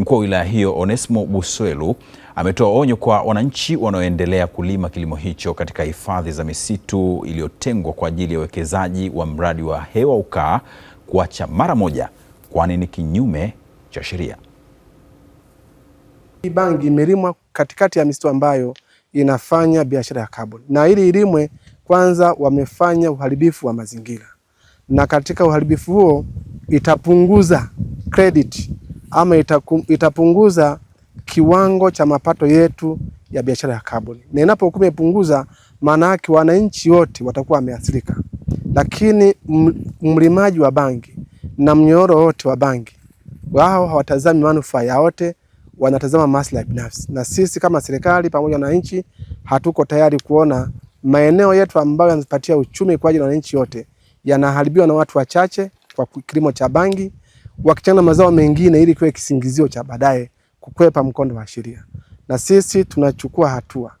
Mkuu wa wilaya hiyo Onesmo Buswelu ametoa onyo kwa wananchi wanaoendelea kulima kilimo hicho katika hifadhi za misitu iliyotengwa kwa ajili ya uwekezaji wa mradi wa hewa ukaa kuacha mara moja, kwani ni kinyume cha sheria. Hii bangi imelimwa katikati ya misitu ambayo inafanya biashara ya kaboni, na ili ilimwe kwanza wamefanya uharibifu wa mazingira, na katika uharibifu huo itapunguza kredit ama itakum, itapunguza kiwango cha mapato yetu ya biashara ya kaboni, na inapokuwa imepunguza, maana yake wananchi wote watakuwa wameathirika, lakini mlimaji wa bangi na mnyororo wote wa bangi wao hawatazami manufaa ya wote, wanatazama maslahi binafsi, na sisi kama serikali pamoja na wananchi hatuko tayari kuona maeneo yetu ambayo yanapatia uchumi kwa ajili ya wananchi wote yanaharibiwa na watu wachache kwa kilimo cha bangi wakichanga mazao mengine ili kiwe kisingizio cha baadaye kukwepa mkondo wa sheria, na sisi tunachukua hatua